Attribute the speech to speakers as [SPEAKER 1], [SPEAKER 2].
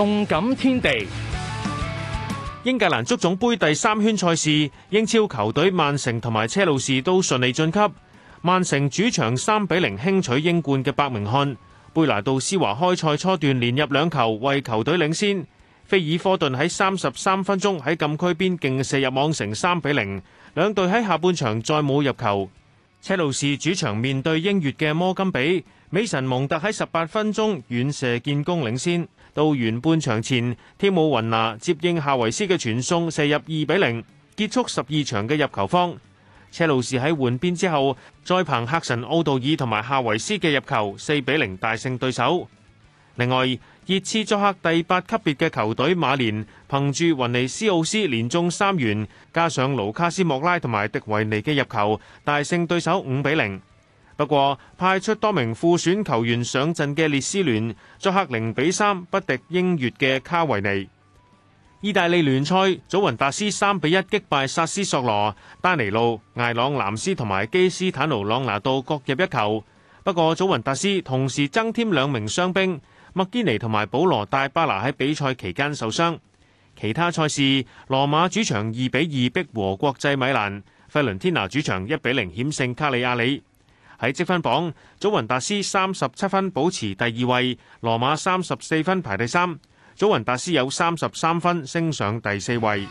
[SPEAKER 1] 動感天地，英格蘭足總杯第三圈賽事，英超球隊曼城同埋車路士都順利晉級。曼城主場三比零輕取英冠嘅伯明翰。貝拿杜斯華開賽初段連入兩球，為球隊領先。菲爾科頓喺三十三分鐘喺禁區邊勁射入網城，成三比零。兩隊喺下半場再冇入球。車路士主場面對英乙嘅摩甘比，美神蒙特喺十八分鐘遠射建功，領先。到完半場前，添姆雲拿接應夏維斯嘅傳送射入二比零，結束十二場嘅入球荒。車路士喺換邊之後，再憑克神奧道爾同埋夏維斯嘅入球四比零大勝對手。另外，熱刺作客第八級別嘅球隊馬連，憑住雲尼斯奧斯連中三元，加上盧卡斯莫拉同埋迪維尼嘅入球，大勝對手五比零。不過派出多名副選球員上陣嘅列斯聯作客零比三不敵英乙嘅卡維尼。意大利聯賽，祖雲達斯三比一擊敗薩斯索羅，丹尼路、艾朗、藍斯同埋基斯坦奴·朗拿度各入一球。不過祖雲達斯同時增添兩名傷兵，麥堅尼同埋保羅·戴巴拿喺比賽期間受傷。其他賽事，羅馬主場二比二逼和國際米蘭，費倫天拿主場一比零險勝卡里亞里。喺積分榜，祖雲達斯三十七分保持第二位，羅馬三十四分排第三，祖雲達斯有三十三分升上第四位。